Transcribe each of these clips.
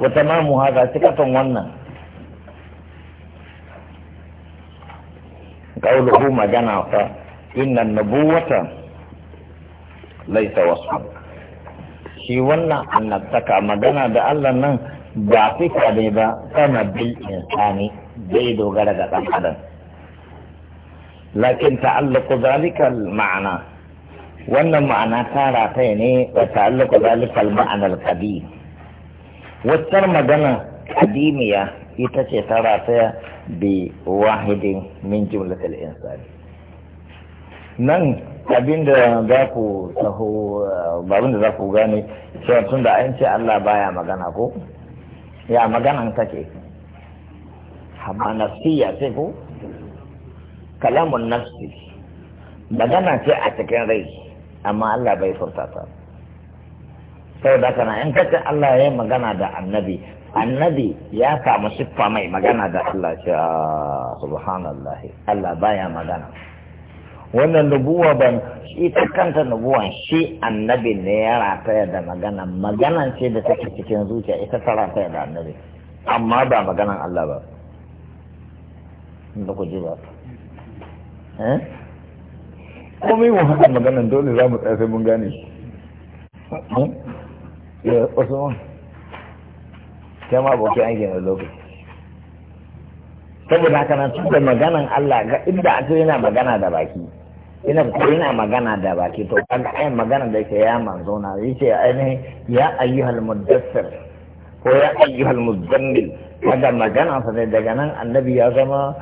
وتمام هذا ثقة ونا قوله ما جنى إن النبوة ليس وصفا shi wannan annabtaka magana da Allah nan ba fika ne ba sama bil insani zai dogara ga ɗan adam lakin ta'allaku zalikal ma'ana wannan ma'ana ta rataya ne wa ta'allaku zalikal ma'anar kadir waccar magana kadimiya ita ce ta rataya bi wahidin min jumlatul insani nan abinda za ku taho babin da za ku gane cewa tun da an ce Allah baya magana ko ya maganan take amma nafsiya ce ko kalamun nafsi magana ce a cikin rai amma Allah bai furta ta sai da kana in kace Allah ya magana da annabi annabi ya samu siffa mai magana da Allah ce ah, subhanallahi Allah baya magana wannan nubuwa ban shi ta kanta nubuwan shi annabi ne ya rataya da magana maganan ce da take cikin zuciya ita ta rataya da annabi amma ba maganan Allah ba da ku ji ba eh komai mu haka maganan dole za mu tsaya sai mun gane hmm? ya usman kai ma abokin aiki na lokaci saboda haka nan tun da maganan Allah ga inda aka yana magana da baki ina ko yana magana da baki to kaga ai magana da yake ya manzo na yace ai ya ayyuhal mudaththir ko ya ayyuhal muzammil kaga magana sa da daga nan annabi ya zama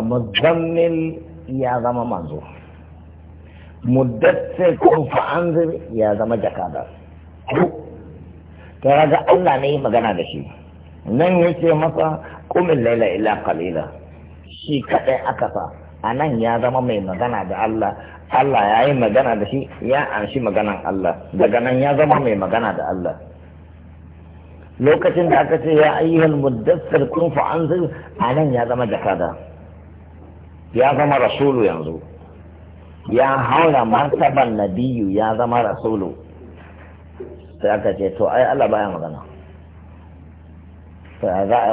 muzammil ya zama manzo mudaththir ko fa'anzir ya zama jakada duk to raga Allah ne magana da shi nan ce masa kumin laila ila qalila shi kadai aka sa a nan ya zama mai magana da Allah Allah ya yi magana da shi ya anshi maganan Allah daga nan ya zama mai magana da Allah lokacin da aka ce ya ayyuhal muddassir kun fa anzir a nan ya zama jakada ya zama rasulu yanzu ya haura martaban nabiyu ya zama rasulu sai aka ce to ai Allah baya magana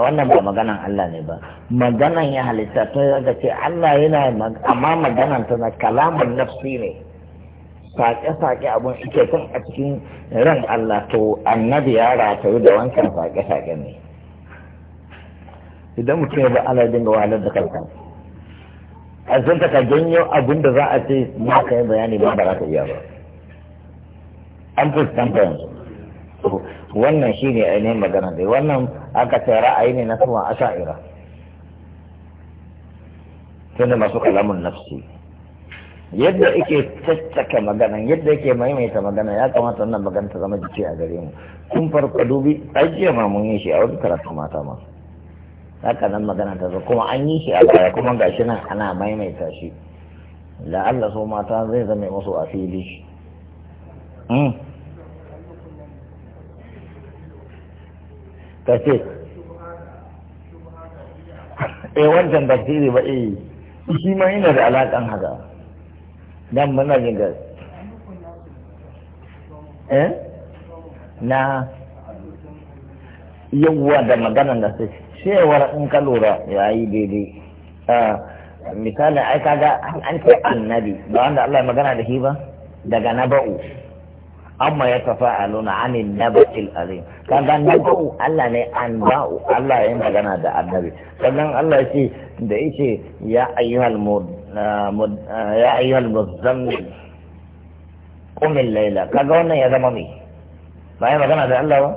wannan ba maganan Allah ne ba maganan ya halitta to aka ce Allah yana amma maganan ta na kalamun nafsi ne sake-sake abun ike kan a cikin ran Allah to annabi ya ratayu da wancan sake-sake ne idan mutum ya ba Allah dinga wahalar da kanka a sun ka janyo abun da za a ce ma ka yi bayani ba ba za ka iya ba an fuskanta yanzu wannan shi ne ainihin magana dai wannan aka ce ra'ayi ne na suwan asha'ira tunda masu kalamun nafsi yadda ike caccaka magana yadda ake maimaita magana ya kamata wannan magana ta zama jiki a gare mu tun farko dubi ajiye ma mun yi shi a wani karatu mata ma haka nan magana ta zo kuma an yi shi a baya kuma gashi nan ana maimaita shi la'alla so mata zai zame musu a fili hmm? ka ce eh wancan tafsiri ba eh shi ma yana da alakan haka dan muna jin da eh na yawwa da magana da su cewar in ka lura ya yi daidai ah, misalin ai kaga an ce annabi ba wanda Allah ya magana da shi ba daga naba'u amma ya tafa a nuna anin nabatil azim kaga nabau Allah ne an ba'u Allah ya magana da annabi sannan Allah ce da yace ya ayyuhal ya ayyuhal muzammil qum al kaga wannan ya zama mai ba ya magana da Allah ba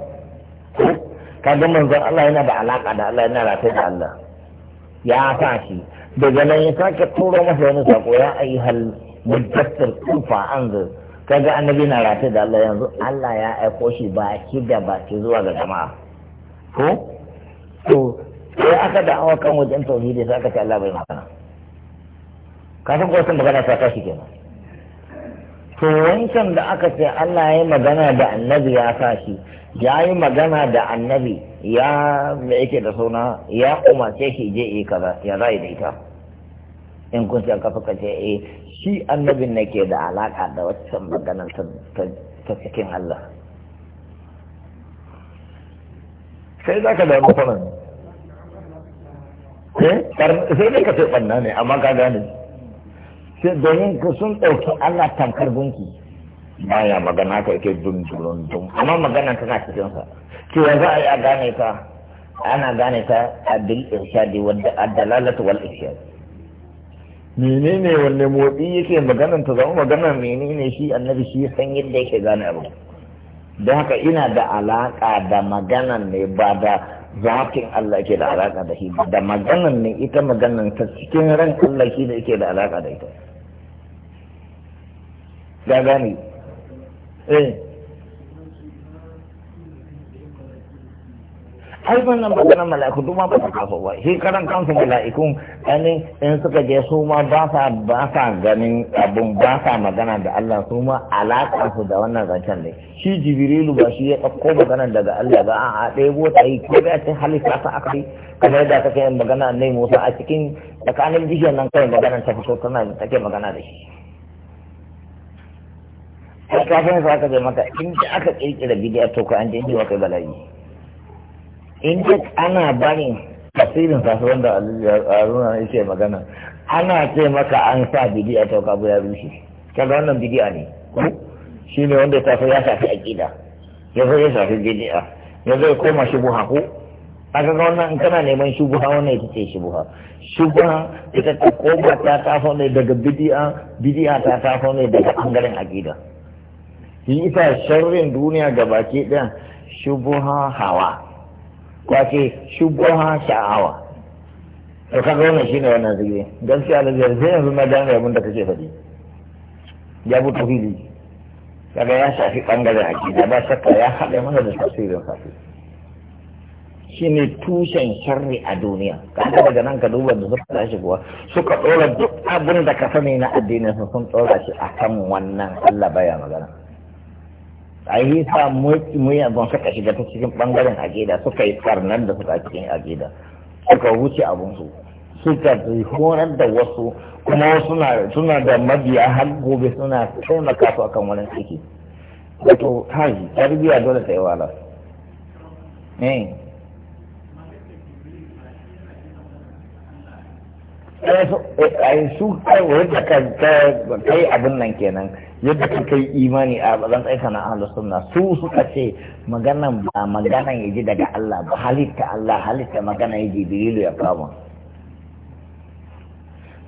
kaga manzon Allah yana da alaka da Allah yana rataye da Allah ya sa shi daga nan ya sake turo masa wani sako ya ayyuhal mudaththir qum anzir kaga annabi na rata da Allah yanzu Allah ya aiko shi baki da baki zuwa ga jama'a ko to sai aka da awa kan wajen tauhidi sai aka ce Allah bai magana ka san ko sun magana ta tashi kenan to wancan da aka ce Allah ya yi magana da annabi ya sa shi ya yi magana da annabi ya me yake da suna ya umarce shi je yi kaza ya zai da ita in kun san kafa ce eh shi annabin nake da alaka da waccan maganar ta cikin Allah sai za ka damu kwanan eh, sai dai ka ce ɓanna ne amma ka gane sai domin ka sun ɗauki Allah tamkar gunki baya magana ka yake dun dun dun amma magana tana cikin sa cewa za a a gane ta ana gane ta a bil irshadi wadda ad-dalalatu wal irshadi menene wanne motsi yake maganan ta zama maganar menene shi annabi shi san yadda yake gane abu don haka ina da alaka da maganan ne ba da zafin Allah yake da alaka da shi da maganan ne ita maganan ta cikin ran Allah shi da yake da alaka da ita ga gani eh ai wannan maganar mala'iku duk ma ba ta kafa ba shi karan kansu mala'ikun ainihin in suka je su ma ba sa ba sa ganin abun ba sa magana da Allah su ma alaƙar su da wannan zancen ne shi jibrilu ba shi ya ɗauko magana daga Allah ba a ɗebo ta yi ko da ce halifa ta aka yi kamar yadda kake magana ne Musa a cikin tsakanin bishiyar nan kai magana ta fito tana take magana da shi kafin sa aka je maka in aka kirkira bidiyar to ka an je wa kai bala'i in duk ana barin tasirin kasuwan da aruna ce magana ana ce maka an sa bidi'a to kabu ya rushe kaga wannan a ne shi ne wanda ta ya shafi aƙida ya zo ya shafi bidi'a ya zo koma shi buha ko aka kaga wannan in kana neman buha wannan ita ce shi buha ita ta koma ta tafa ne daga bidi'a a ta tafa ne daga bangaren aƙida Yi ita sharrin duniya gabaki ɗaya buha hawa kwace shubuha sha'awa to ga wannan shine wannan zige gaskiya da zai yanzu na dan abin da kake faɗi ya bu tafili kaga ya shafi bangaren akida ba shakka ya haɗa mana da tafsirin safi shine tushen sharri a duniya Ka ga daga nan ka duba da suka tashi kuwa suka ɗora duk abin da ka sani na addinin sun ɗora shi akan wannan Allah baya magana a yi sa muyi abin suka shiga ta cikin bangaren agida suka yi karnar da suka cikin agida suka wuce abinsu suka horar da wasu kuma suna da mabiya har gobe suna taimaka su akan wani ciki wato haji tarbiya dole ta yi wala eh. ai su kai yadda ka kai abin nan kenan yadda ka kai imani a bazan tsaye na ahlus sunna su suka ce maganan ba maganan ji daga Allah ba halitta Allah halitta magana ya ji jibrilu ya kama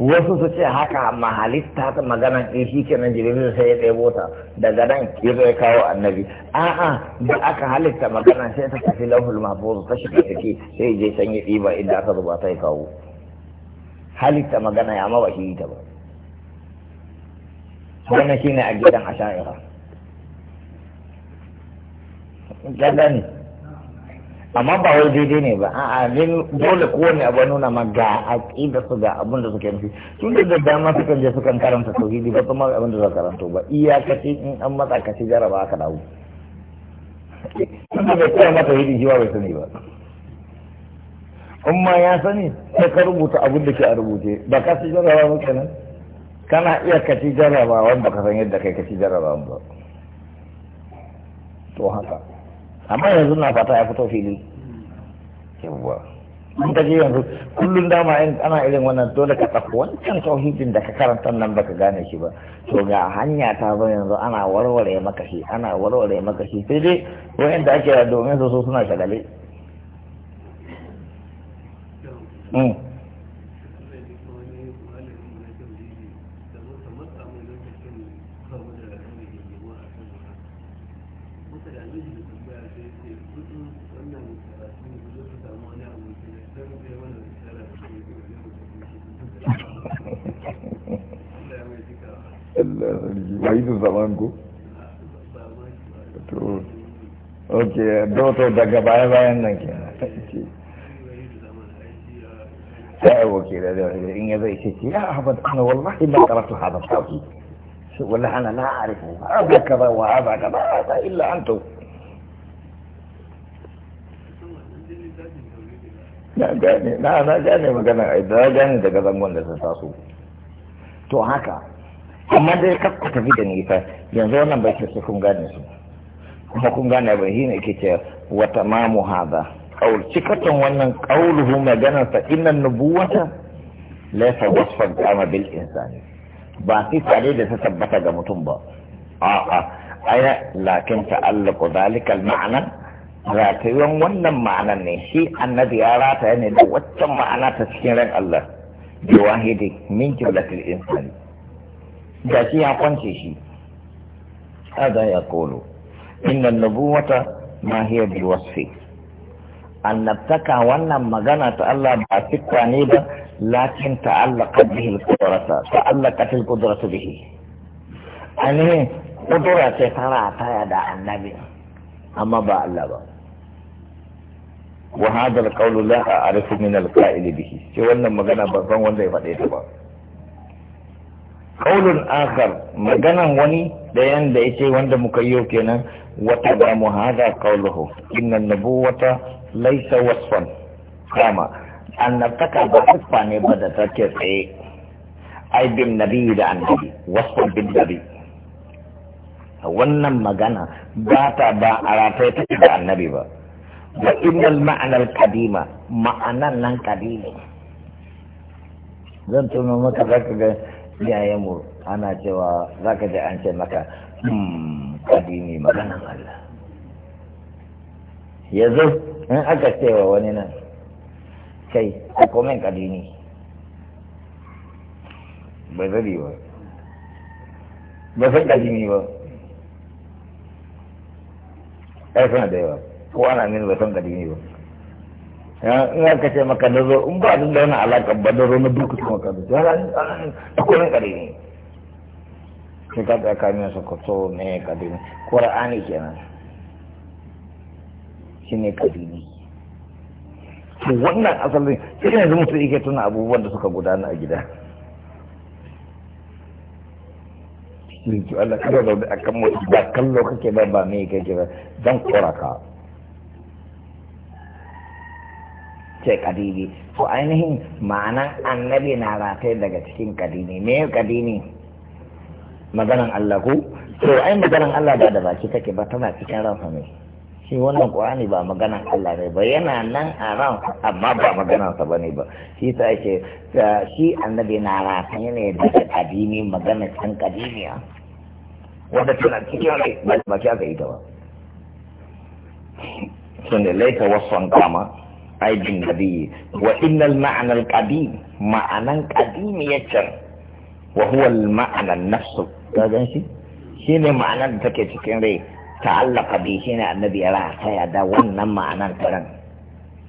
wasu su ce haka amma halitta ta magana ya shi kenan jibrilu sai ya ɗebo ta daga nan ya zai kawo annabi a'a da aka halitta magana sai ta tafi lauhul su ta shiga ciki sai je can ya ɗiba inda aka zuba ta ya kawo halitta magana ya ma ba shi ta ba wannan shine a gidan asha'ira kaga ne amma ba wai daidai ne ba a'a min dole kowane abu nuna ma ga aqida su ga abin da suke nufi tun da da dama sukan je sukan karanta tauhidi ba kuma abin da za karanto ba iyakaci in an matsa ka ci jaraba aka dawo tun da bai koya mata tauhidi shi ba bai sani ba in ma ya sani sai ka rubuta abin da ke a rubuce ba ka ci jarraba ba kenan kana iya ka ci jarrabawa ba ka san yadda kai ka ci jarraba ba to haka amma yanzu na fata ya fito fili yawwa in ka je yanzu kullum dama in ana irin wannan dole ka tsaka wancan tauhidin da ka karanta nan baka gane shi ba to ga hanya ta zo yanzu ana warware maka shi ana warware maka shi sai dai wayanda ake domin su suna shagale Mm. waizin zaman ko? to ok daga baya bayan nan kenan sai aboki da in ya zai ce ya ahmad ana wallahi ba karatu hada sauki والله انا لا اعرف هذا كذا وهذا كذا هذا الا انتم na gane na na gane magana da gane daga zangon da sun taso to haka amma dai ka ku tafi da nisa yanzu wannan bai ce kun gane su kuma kun gane ba shi ne ke ce wata mamu hada kaul cikakken wannan kauluhu maganarsa inan nubuwata laysa wasfan kama bil insani ba sai tare da ta tabbata ga mutum ba a'a aya lakin ta'allaqu zalikal ma'ana ratayen wannan ma'anan ne shi annabi ya rataya yana da waccan ma'ana ta cikin ran Allah bi wahidi min kiblatil insani da shi ya kwance shi hada ya kolo inna nubuwata ma hiya wasfi annabtaka wannan magana ta Allah ba fikwa ne ba lakin ta'allaqat bihi al-qudrata ta'allaqat al-qudratu bihi ani kudura ce tara ta da annabi amma ba Allah ba wa hada alqawlu la a'rifu min alqa'ili bihi ce wannan magana ba san wanda ya faɗe ta ba qawlun akhar maganan wani ɗayan da yace wanda muka yi kenan wata ba mu hada qawluhu inna an-nubuwata laysa wasfan kama annabtaka ba siffa ne ba da take tsaye ai bin nabi da annabi wasfan bin nabi wannan magana ba ta ba a ratai take da annabi ba wa innal ma'anar kadima ma'anan nan kadima zan tuno maka zaka ga iyayen mu ana cewa za ka ji an ce maka hmm, kadimi maganan Allah yanzu in aka cewa wani nan kai a komen kadimi bai zari ba ba san kadimi ba ai suna da yawa ko ana mini ba san kadimi ba in aka ce maka da zo in ba da wani alaƙa ba da zo na duk kuma ka da zo ana ne a kullum sai ka da ka min me ne kadimi qur'ani kenan shine kadimi to wannan asalin sai yanzu mutum yake tuna abubuwan da suka gudana a gida yanzu Allah kada da a kan mutu ba kallo kake ba ba me kake ba zan koraka, ce kadini to ainihin ma'anan annabi na rataye daga cikin kadini me kadini maganan Allah ko to ai maganan Allah ba da baki take ba tana cikin rafa ne shi wannan Qur'ani ba maganan Allah ne ba yana nan a ran amma ba maganan sa bane ba shi ta yake shi annabi na rata ne da kadimi maganar can kadimiya wanda tana cikin rai ba da ka aka yi ta ba da laita wasan kama aibin nabi wa innal ma'anal qadim ma'anan qadimiyyatan wa huwa al-ma'ana nafsu ka gan shi shine ma'anar da take cikin rai ta'allaka bi shine annabi ya rataya da wannan ma'anar karan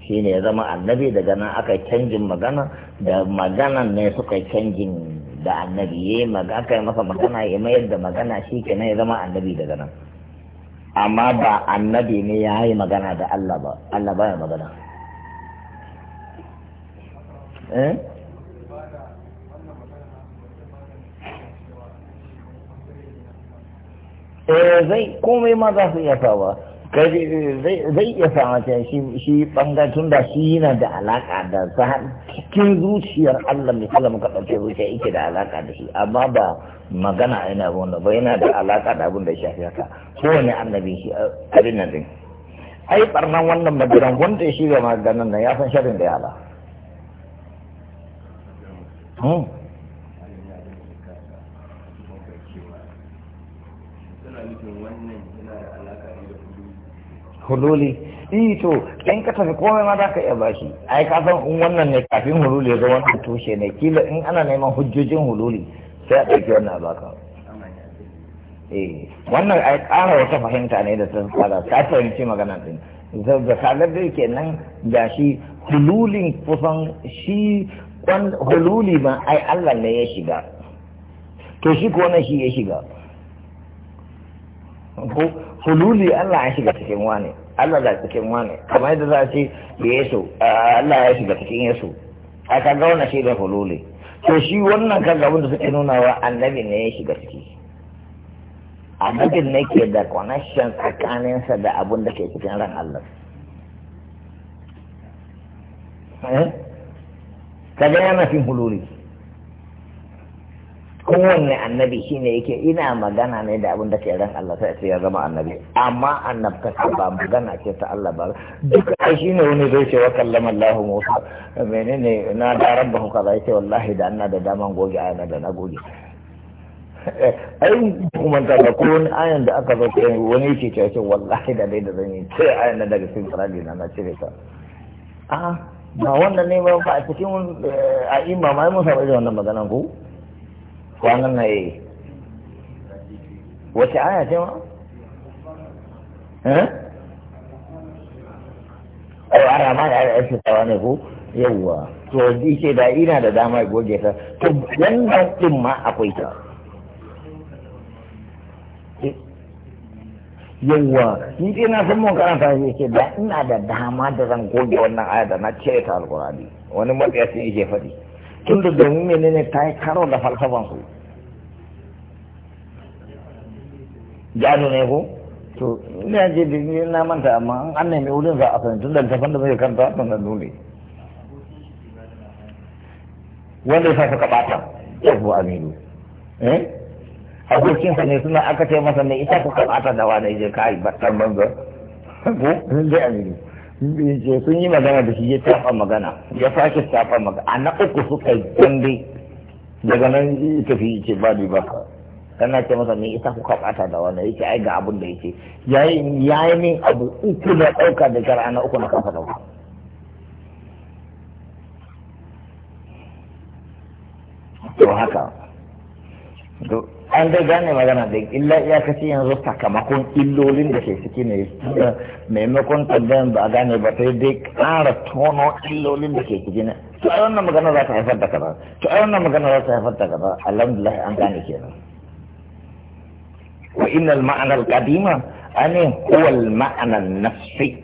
shine ya zama annabi daga nan aka canjin magana da maganan ne suka canjin da annabi yayi magana aka masa magana ya mayar da magana shi kenan ya zama annabi daga nan amma ba annabi ne ya yi magana da Allah ba Allah baya magana eh eh zai komai ma za su iya sawa kai zai iya sawa shi shi tun da shi yana da alaka da sa cikin zuciyar Allah mai kala muka ɗauke zuciya yake da alaka da shi amma ba magana a yana wanda ba yana da alaka da abin da ya shafi haka kowane annabi shi eh, abin nan din ai barnan wannan madiran wanda ya shiga maganan nan ya san shirin da ya ala hululi e eh to in ka tafi komai ma za ka iya bashi ai ka san in wannan ne kafin hululi ya zo wannan tushe ne kila in ana neman hujjojin hululi sai a ɗauki wannan baka eh, wannan ai ƙara wata fahimta ne da ta tsara ka fahimci maganar din da kagar dai kenan da shi hululin kusan shi hululi ma ai Allah ne ya shiga to shi ko na shi ya shiga hululi Allah ya shiga cikin wani Allah da cikin wani kamar yadda za a ce Yesu Allah ya shiga cikin Yesu a kaga wannan shi da hululi to shi wannan kaga wanda suke nuna wa annabi ne ya shiga ciki annabin ne ke da connection tsakaninsa da abun da ke cikin ran Allah eh? kaga yana cikin hululi kowanne annabi shine yake ina magana ne da abin da ke ran Allah sai ya zama annabi amma annabta ba magana ce ta Allah ba duk shi ne wani zai ce wa kallama Allah Musa menene na da rabbahu kaza yace wallahi da anna da daman goge ayana da na goge eh, ai kuma ta da ko wani ayan da aka zo kai wani yake ce ce wallahi da dai da zan yi sai ayan da daga cikin Qur'ani na na cire ta a ah, ba wannan ne ba a cikin eh, a imma mai mun saba da wannan maganan ko kwanan na yi wace aya ce ma? Eh? Ai, ara ma da aiki tsawa ne ku Yawwa, to di ce da ina da dama goge ta, to wannan ɗin ma akwai ta. Yawwa, ni ce na san mun karanta shi ce da ina da dama da zan goge wannan aya da na cire ta alkurani wani matsayacin yake faɗi. Tun da domin menene ta yi karo da ku? jano ne ko to ina je da na manta amma an nemi wurin za a san tun da tafan da muke kanta sun da dole wanda sai ka kabata yabo aminu eh abokin sa ne suna aka ce masa ne ita ka kabata da wani je kai battan banza ko sun da aminu je sun yi magana da shi ya tafa magana ya sake tafa magana a na uku suka yi dambe daga nan fi ce ba ni ka. kana ce masa me ita kuka bata da wani yake ai ga abin da yake yayi yayi min abu uku na dauka da gara na uku na kafa dauka to haka to an dai gane magana da illa ya kace yanzu sakamakon illolin da ke ciki ne maimakon tambayan ba a gane ba sai dai ƙara tono illolin da ke ciki ne to a wannan magana za ta haifar da kaza to a wannan magana za ta haifar da kaza alhamdulillah an gane kenan وإن المعنى القديم أنه هو المعنى النفسي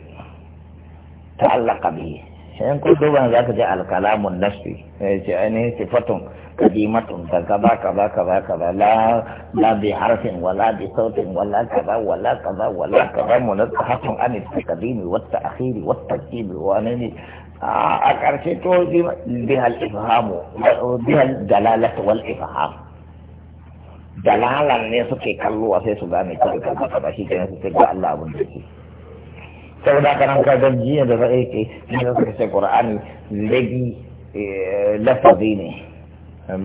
تعلق به يعني كل دوبان ذاك جاء الكلام النفسي يعني صفة قديمة كذا كذا كذا كذا لا لا بحرف ولا بصوت ولا كذا ولا كذا ولا كذا منزهة عن التقديم والتأخير والتجديد وأن أكرشته بها الإفهام بها الدلالة والإفهام dalalan ne suke kallo sai su gane kawai ka kasa ba shi kenan sai ga Allah abin da ke da kanan ka jiya da zai ke ne su ce Qur'ani lagi eh, lafazi ne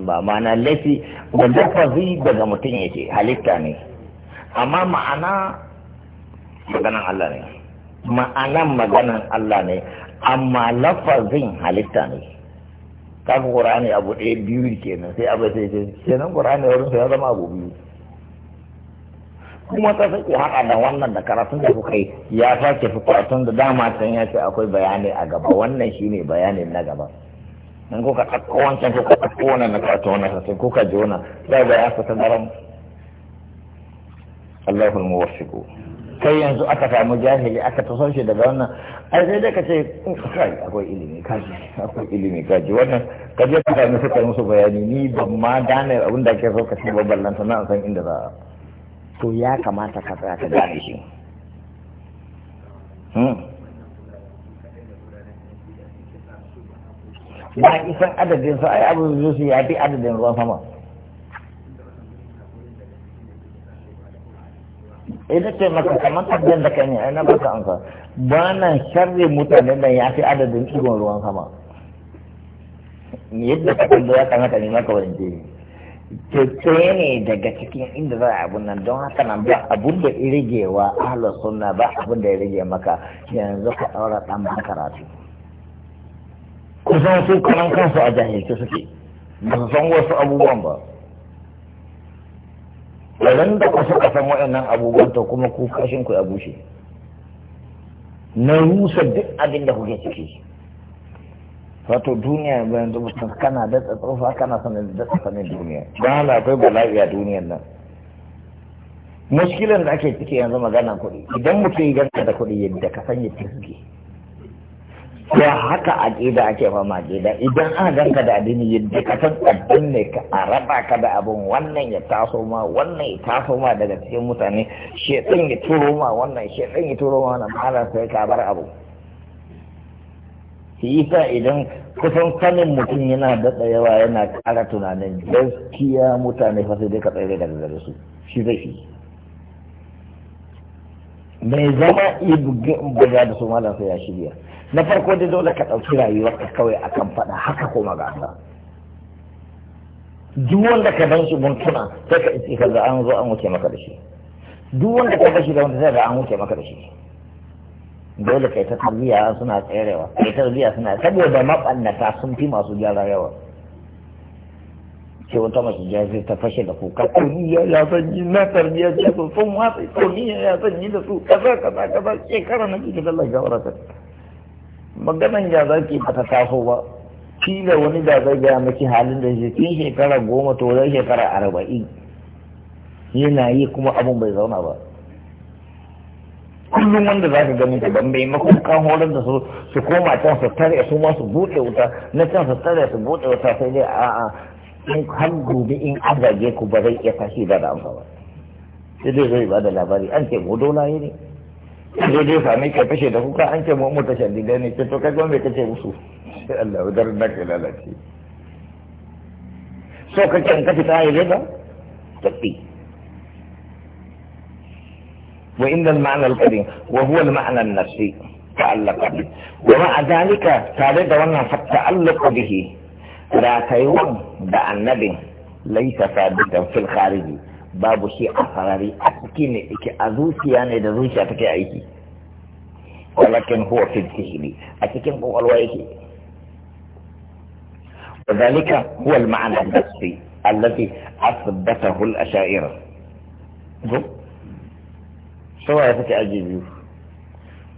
ba ma'ana lafi da lafazi daga mutum yake halitta ne amma ma'ana maganan Allah ne ma'anan maganan Allah ne amma lafazin halitta ne kafin ƙur'ani abu ɗaya biyu kenan sai abu sai ce kenan qur'ani wurin sai ya zama abu biyu kuma ta sake haɗa da wannan da karatun da kuka yi ya sake fi karatun da dama can ya ce akwai bayani a gaba wannan shine bayanin na gaba in kuka ɗauko wancan kuka ɗauko wannan na karatu wannan sai kuka ji wannan zai bayan sa ta daren Allahul Muwaffiqu kai yanzu aka samu jahili aka taso shi daga wannan ai sai dai ka ce kai akwai ilimi kaji akwai ilimi kaji wannan ka je ka sami suka musu bayani ni ban ma gane abin da ake so ka ci babban lantana a san inda za a to ya kamata ka tsaya ka gane shi hmm? ba isan adadin su ai abin su ya fi adadin ruwan sama ina ce maka kamar tabbiyar da kan yi ai ba ka amsa ba nan sharri mutane da ya fi adadin ɗigon ruwan sama yadda ka kallo ya kamata ne maka wani jini kyakkyaye ne daga cikin inda za a abun nan don haka nan ba abun da irigewa ahalar sunna ba abun da irige maka yanzu ka ɗaura ɗan ban karatu kusan su kaman kansu a jahilci suke ba su san wasu abubuwan ba idan da ku suka san wa'annan abubuwan to kuma ku kashin ku ya bushe na rusa duk abin da kuke ciki wato duniya yanzu mutum kana da tsatsofa kana sanin da tsafanin duniya don hala akwai bala'i a duniyar nan muskilan da ake ciki yanzu magana kuɗi idan mutum ya gana da kuɗi yadda ka san ya ya haka aƙida ake fama aƙida idan an ganka da addini yadda ka san addin ne ka a raba ka da abin wannan ya taso ma wannan ya taso ma daga cikin mutane shedan ya turo ma wannan shedan ya turo ma wannan ma'ana sai ka bar abu shi yasa idan kusan sanin mutum yana daɗa yawa yana ƙara tunanin gaskiya mutane fa sai dai ka tsere daga su shi zai yi mai zama buga da su malam sai ya shirya na farko dai dole ka ɗauki rayuwar ka kawai akan faɗa haka ko magasa duk wanda ka ban shi guntuna sai ka iske kaga an zo an wuce maka da shi duk wanda ka shi da wanda sai ga an wuce maka da shi dole kai ta tarbiya suna tserewa kai tarbiya suna saboda mabannata sun fi masu gyara yawa sai wata mace jafi ta fashe da kuka kuniya ya san yi na tarbiyyar ce su sun watsa kuniya ya san yi da su kaza kaza kaza shekara na kike dalla gawara ta maganan ya ki ba ta taso ba da wani da zai gaya maki halin da shi tun shekara goma to zai shekara arba'in yana yi kuma abun bai zauna ba kullum wanda za ka gani ta ban makon kan horar da su su koma can su tare su ma su buɗe wuta na can su tare su buɗe wuta sai dai a'a in har gobe in an ku ba zai iya tashi da da amsa ba sai dai zai ba da labari an ce mu dola ne sai dai sami ka fashe da kuka an ce mu mu tashar ne ce to kai gwamnati kace musu sai Allah wadar na kai lalace so kake in ka fita yi ba tabbi وإن المعنى القديم وهو المعنى النفسي تعلق به ومع ذلك تعرض وانا فتعلق به ratayuwan da annabin laisa sabitan fil khariji babu shi a farari a ciki ne yake a zuciya ne da zuciya take aiki walakin huwa a cikin kwakwalwa yake وذلك هو المعنى النفسي الذي أثبته الأشاعرة سواء يفتي أجيب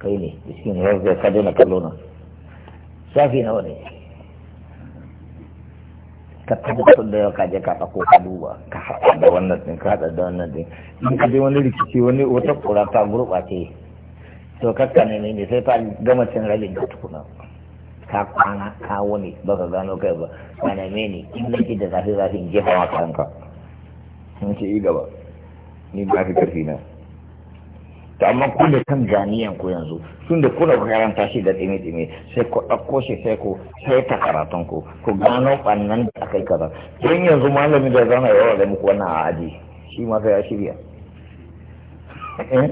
كيني بسكين رزق قدنا كلنا سافي ka tabbatar da yau kaje ka ɗauko ka duba ka haɗa da wannan ɗin ka haɗa da wannan ɗin in ka je wani rikici wani wata kura ta gurɓace to kakka ne ne sai ta gama cin rabin da tukuna ka kwana ka wani ba ka gano kai ba ka neme ne in nake da zafi zafi in jefa ma kanka in ce i gaba ni ba fi karfi na to amma ku da kan jami'an ku yanzu tun da kuna karanta shi da tsimi tsimi sai ku ɗauko shi sai ku sai ta karatun ku ku gano ɓannan da aka yi kaza don yanzu malamin da zana yawa da muku wannan a aji shi ma sai ya shirya eh?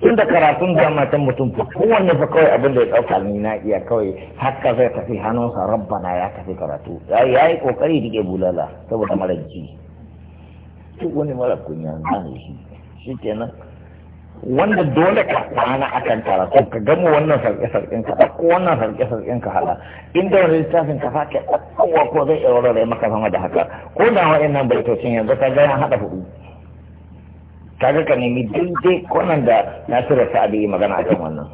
tun da karatun da matan mutum ku kowanne fa kawai abin da ya ɗauka ni na iya kawai haka zai tafi hannunsa rabbana ya tafi karatu ya yi kokari rike bulala saboda mara ji duk wani mara kunya na shi shi kenan wanda dole ka kwana a kan ko ka gama wannan sarƙe-sarƙen ka ko wannan sarƙe-sarƙen ka hala inda wani littafin ka sake kowa ko zai iya warware maka sama da haka ko da wa'annan baitocin yanzu ka ga ya haɗa hudu ga ka nemi daidai kwanan da nasiru sa'adi yi magana akan wannan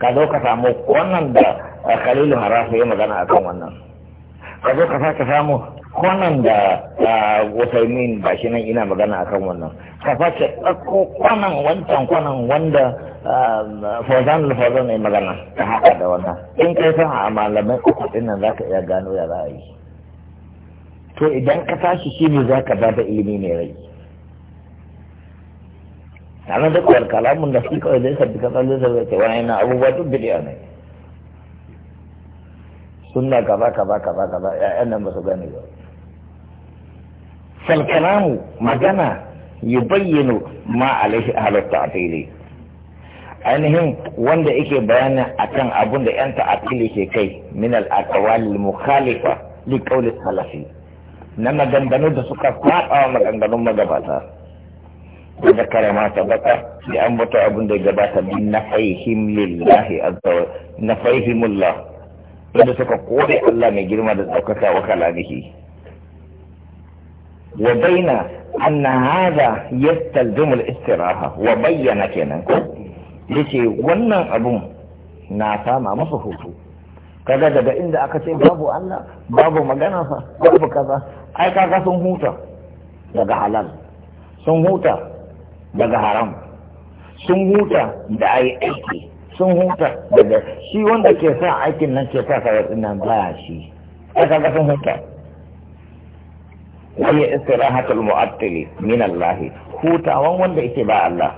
ka zo ka samu kwanan da khalilu harafu yi magana akan wannan ka zo ka sake samu kwanan da wasaimin ba shi nan ina magana akan wannan ka face ɗauko kwanan wancan kwanan wanda fauzan fauzan ne magana ta haka da wannan in kai san a malamai uku ɗin nan za ka iya gano ya za a yi to idan ka tashi shi ne za ka bada ilimi mai rai tare da kuwar kalamun da su kawai zai sabbi kasar zai zai ce wani na abubuwa duk bidiyo ne sunna kaza kaza kaza kaza ya'yan nan ba su gane ba magana فالكلام مجنى ma ما عليه أهل التعطيل ainihin wanda yake bayana akan abunda da 'yan ta'atili ke kai min al-aqwal mukhalifa li qawli salafi na maganganu da suka fada wa maganganun magabata da karama sabaka da an bata abun da gabata min nafaihim lillahi azza wa nafaihimullah wanda suka kore Allah mai girma da daukaka wa kalamihi وبين أن هذا يستلزم الاستراحة وبين كنا yace wannan abun na sama masa hutu kaga daga inda aka ce babu Allah babu magana fa babu kaza ai kaga sun huta daga halal sun huta daga haram sun huta da aiki sun huta daga shi wanda ke sa aikin nan ke sa baya shi ai sun huta wani istirahatul mu'attili min Allah hutawan wanda yake ba Allah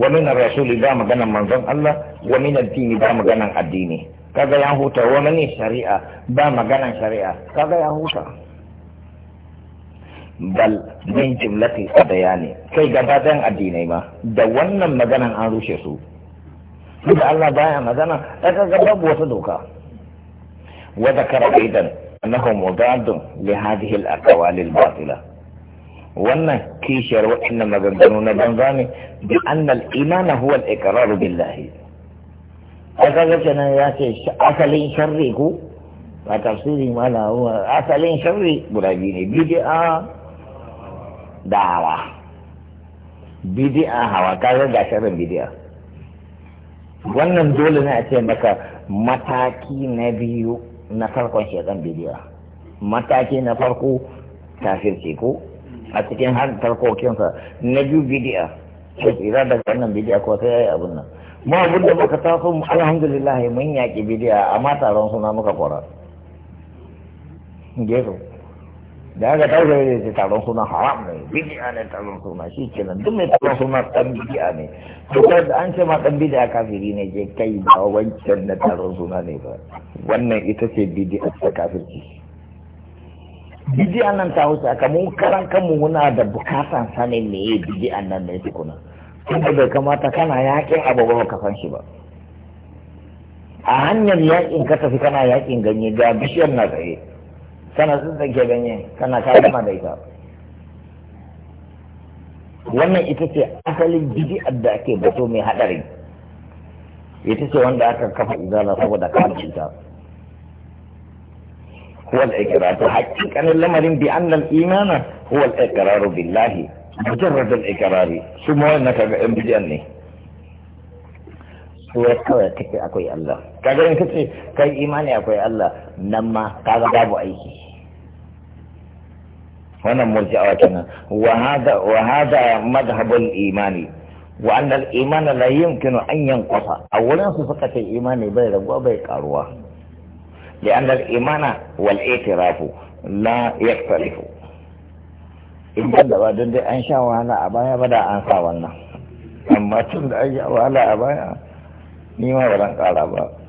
wa min ar-rasul da maganan manzon Allah wa min ad-din da maganan addini kaga ya huta wa min shari'a ba maganan shari'a kaga ya huta bal min jumlati bayani kai gabadan addinai ma da wannan maganan an rushe su da Allah baya magana kaga babu wata doka wa zakara aidan أنه مضاد لهذه الأقوال الباطلة وأن كيشير وإنما بنبنون بنظامي بأن الإيمان هو الإقرار بالله أقرر جنا ياسي أسلين شريه ما تفسيري ما لا هو أسلين شري براجيني بيدي آه دعوة بيدي آه وكذا جاشر بيدي آه وأن دولنا أتي مكا متاكي نبيه na farkon shekan bidiya mataki na farko kafirci ko a cikin har na biyu bidiya ko tsira daga wannan bidiya ko sai yayi abin nan mu abin da muka taso mu alhamdulillah mun yaki bidiya amma taron suna muka kora gefe da aka tausa ne sai taron suna haram ne bid'a ne taron suna shi ke nan duk mai taron suna dan bid'a ne to da an ce ma dan bid'a kafiri ne je kai ba wancan na taron suna ne ba wannan ita ce bid'a ta kafirci bid'a nan ta hausa aka mun karan kanmu muna da bukatan sanin me ye bid'a nan ne tukuna da bai kamata kana yakin abu ba ka san shi ba a hanyar yakin ka tafi kana yakin ganye ga bishiyar na tsaye kana tsintsinke ganye kana ka gama da ita wannan ita ce asalin jiji da ake bato mai hadari ita ce wanda aka kafa izala saboda kama cuta huwa al-iqrar to lamarin bi anna al-imana huwa al-iqrar billahi mujarrad al-iqrar su ma wannan kaga yan bidi'an ne ya kawai take akwai Allah kaga in kace kai imani akwai Allah nan ma kaga babu aiki wannan murji'a kenan wa hada wa hada madhhabul imani wa anna al iman la yumkinu an yanqasa a wurin su suka ce imani bai raguwa bai karuwa لأن الإيمان والاعتراف لا يختلف idan da ba don dai an sha wahala a baya ba da an sa wannan amma tun da an sha wahala a baya ni ma ba zan kara ba